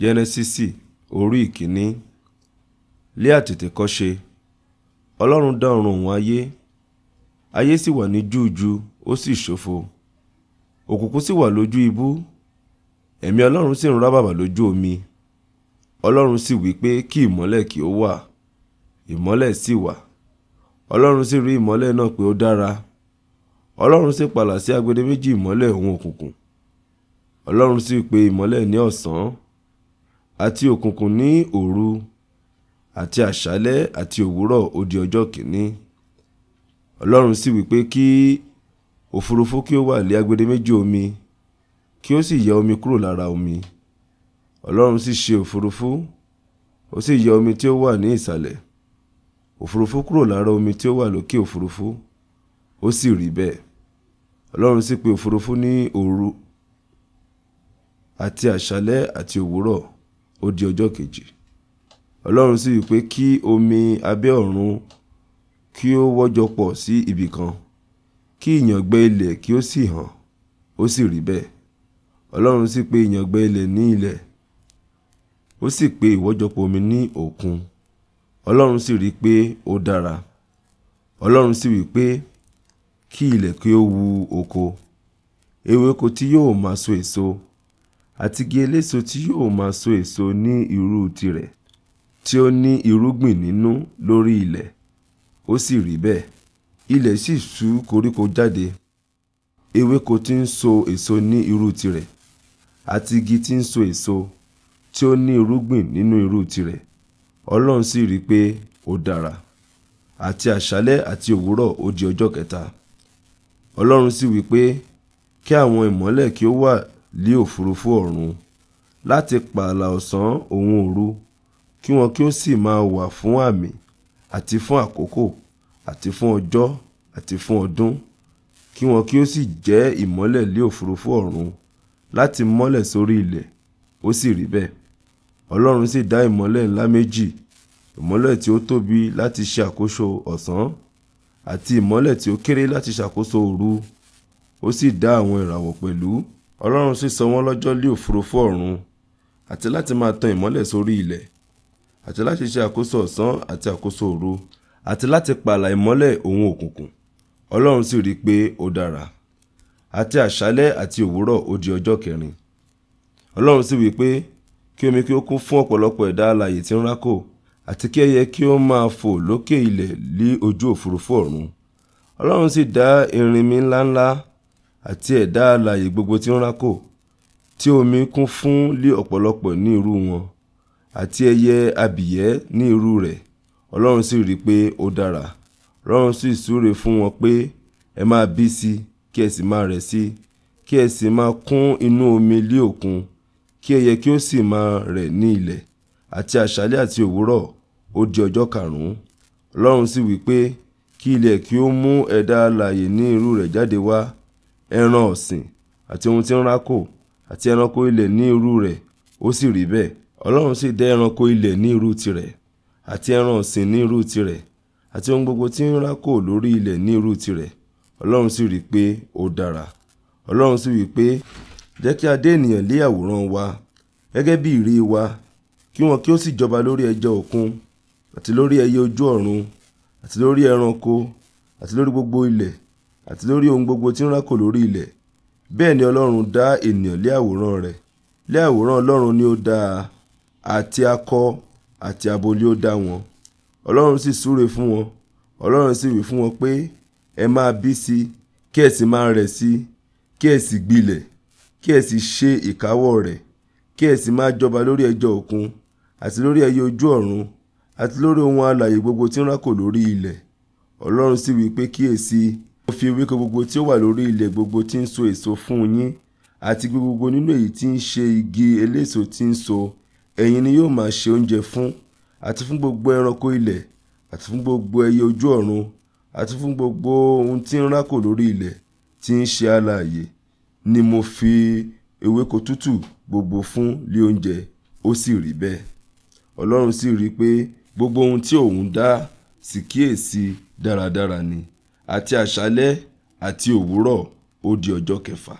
jẹ́nẹ́sísì orí ìkíní léà tètè kọ́ṣe ọlọ́run dá ọ̀run òun ayé ayé sì wà ní júùjú ó sì ṣòfo òkùnkùn sì wà lójú ibú ẹ̀mí ọlọ́run sì ń rábàbà lójú omi ọlọ́run sì wí pé kí ìmọ́lẹ̀ kí ó wà ìmọ́lẹ̀ sì wà ọlọ́run sì rí ìmọ́lẹ̀ náà pé ó dára ọlọ́run sì pààlà sí agbede méjì ìmọ́lẹ̀ òun òkùnkùn ọlọ́run sì pè ìmọ́lẹ̀ ní ọ̀sán àti òkùnkùn ní òru àti àṣálẹ́ àti òwúrọ̀ ó di ọjọ́ kìíní ọlọ́run sì wí pé kí òfurufú kí ó wà lé agbede méjì omi kí ó sì yẹ omi kúrò lára omi ọlọ́run sì ṣe òfurufú ó sì yẹ omi tí ó wà ní ìsàlẹ̀ òfurufú kúrò lára omi tí ó wà lókè òfurufú ó sì rí bẹ́ẹ̀ ọlọ́run sì pè òfurufú ní òru àti àṣálẹ́ àti òwúrọ̀ ó di ọjọ́ kejì ọlọ́run sì wí pé kí omi abẹ́ ọ̀run kí ó wọ́jọ pọ̀ sí ibì kan kí ìyàngbẹ ilẹ̀ kí ó sì hàn ó sì rí bẹ́ẹ̀ ọlọ́run sì pè ìyàngbẹ ilẹ̀ ní ilẹ̀ ó sì pè ìwọ́jọpọ̀ omi ní òkun ọlọ́run sì rí pé ó dára ọlọ́run sì wí kí ilẹ̀ kí ó wu oko ewéko tí yóò máa so èso àti igi eléso tí yóò máa so èso ní irú tirẹ̀ tí ó ní irúgbìn nínú lórí ilẹ̀ ó sì rí bẹ́ẹ̀ ilẹ̀ sì sú koríko jáde ewéko tí ń so èso ní irú tirẹ̀ àti igi tí ń so èso tí ó ní irúgbìn nínú irú tirẹ̀ ọlọ́run sì rí pé ó dára àti àṣálẹ́ àti òwúrọ̀ ó di ọjọ́ kẹta ọlọ́run sì wí pé kí àwọn ìmọ́lẹ̀ kí ó wà lé òfurufú ọ̀run láti pààlà ọ̀sán òun òru kí wọn kí ó sì máa wà fún àmì àti fún àkókò àti fún ọjọ́ àti fún ọdún kí wọn kí ó sì jẹ́ ìmọ́lẹ̀ lé òfurufú ọ̀run láti mọ́lẹ̀ sórí ilẹ̀ ó sì rí bẹ́ẹ̀ ọlọ́run sì dá ìmọ́lẹ̀ ńlá méjì ìmọ́lẹ̀ tí ó tóbi láti ṣe àkóso ọ̀sán àti ìmọ́lẹ̀ tí ó kéré láti ṣàkóso òru ó sì dá àwọn ìràwọ̀ pẹ̀lú ọlọ́run sì sọ wọ́n lọ́jọ́ lé òfurufú ọ̀run àti láti máa tan ìmọ́lẹ̀ sórí ilẹ̀ àti láti ṣe àkóso ọ̀sán àti àkóso òru àti láti pààlà ìmọ́lẹ̀ òun òkùnkùn ọlọ́run sì rí i pé ó dára àti àṣálẹ́ àti òwúrọ̀ ó di ọjọ́ kẹrin ọlọ́run sì wí pé kí omi kí ó kún fún ọ̀pọ̀lọpọ̀ ẹ̀dá alààyè tí ń rákò àti kí ẹyẹ kí ó máa fò lókè ilẹ̀ lé ojú òfurufú ọ̀run ọlọ́run sì dá erinmi ńláńlá àti ẹ̀dá alààyè gbogbo tí ń rákò tí omi kún fún lé ọ̀pọ̀lọpọ̀ ní irú wọn àti ẹyẹ abìyẹ́ ní irú rẹ̀ ọlọ́run sì rí i pé ó dára ọlọ́run sì súre fún wọn pé ẹ máa bí sí i kí ẹ sì máa rẹ̀ sí i kí ẹ sì máa kún inú omi lé òkun kí ẹyẹ kí ó sì máa rẹ̀ ní ilẹ̀ àti àṣálẹ́ àti òwúrọ̀ ó di ọjọ́ karùn-ún ọlọ́run sì wí pé kí ilẹ̀ kí ó mú ẹ̀dá alààyè ní irú rẹ̀ jáde wá ẹran ọ̀sìn àti ohun tí ń rákò àti ẹranko ilẹ̀ ní irú rẹ̀ ó sì rí bẹ́ẹ̀ ọlọ́run sì dá ẹranko ilẹ̀ ní irú tirẹ̀ àti ẹran ọ̀sìn ní irú tirẹ̀ àti ohun gbogbo tí ń rákò lórí ilẹ̀ ní irú tirẹ̀ ọlọ́run sì rí pé ó dára ọlọ́run sì wí pé jẹ́ kí a dá ènìyàn lé àwòrán wa gẹ́gẹ́ bí ìrí wa kí wọn kí ó sì jọba lórí ẹja òkun àti lórí ẹyẹ ojú ọ̀run àti lórí ẹranko àti lórí gbogbo ilẹ̀ àti lórí ohun gbogbo tí ń rákò lórí ilẹ̀ bẹ́ẹ̀ ni ọlọ́run dá ènìyàn lé àwòrán rẹ̀ lé àwòrán ọlọ́run ni ó dá a àti akọ àti abo ni ó dá wọn ọlọ́run sì súre fún wọn ọlọ́run sì wí fún wọn pé ẹ máa bí sí i kí ẹ sì máa rẹ̀ sí kí ẹ sì gbilẹ̀ kí ẹ sì ṣe ìkáwọ́ rẹ̀ kí ẹ sì máa jọba lórí ẹja òkun àti lórí ẹyẹ ojú ọ̀run àti lórí ohun alààyè gbogbo tí ń rákò lórí ilẹ̀ ọlọ́run sì wí pé kíyèsí mo fi ewéko gbogbo tí ó wà lórí ilẹ̀ gbogbo tí ń so èso fún yín àti gbogbo nínú èyí tí ń ṣe igi eléso tí ń so ẹ̀yin ni yóò máa ṣe oúnjẹ fún àti fún gbogbo ẹranko ilẹ̀ àti fún gbogbo ẹyẹ ojú ọ̀run àti fún gbogbo ohun tí ń rákò lórí ilẹ̀ tí ń ṣe alààyè ni mo fi ewéko tútù gbogbo fún lé oúnjẹ ó sì rí bẹ́ẹ̀ ọlọ́run sì rí i pé gbogbo ohun tí òun dá sì kíyèsí dáradára ni àti àṣálẹ́ àti òwúrọ̀ ó di ọjọ́ kẹfà